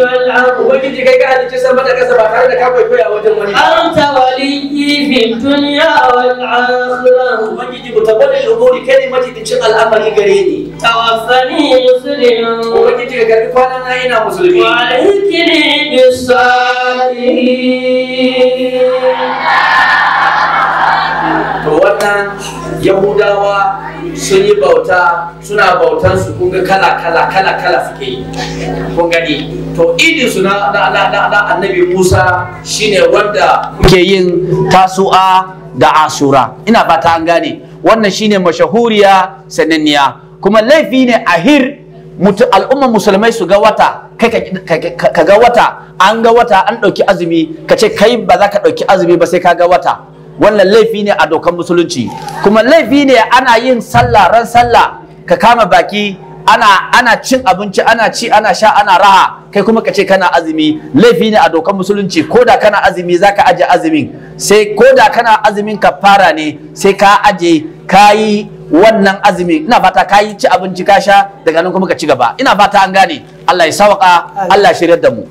Ubangiji kai ka halicci sama da kasa ba tare da ka kwaikwaya wajen wani. Anta waliyyi fi dunya wal akhirah. al'amari gare ni. Tawaffani muslimin. Ubangiji ka na musulmi. Wa wata yahudawa sun yi bauta suna bautan su kunga kala kala kala kala suke yi kun gani to idin su na annabi musa shine wanda kuke yin tasu'a da asura ina fata an gane wannan shine mashahuriya sananniya kuma laifi ne ahir al'ummar musulmai su ga wata kai ka ga wata an ga wata an ɗauki azumi ka ce kai ba za ka ɗauki azumi ba sai ka ga wata wannan laifi ne a dokan musulunci kuma laifi ne ana yin sallah ran sallah ka kama baki ana ana cin abinci ana ci ana sha ana raha kai kuma ka ce kana azumi laifi ne a dokan musulunci ko kana azumi zaka aje azumin sai koda kana azumin ka fara ne sai ka aje kayi wannan azumi ina fata ka ci abinci ka sha daga nan kuma ka ci gaba ina fata an gane Allah ya sawaka Allah ya shiryar da mu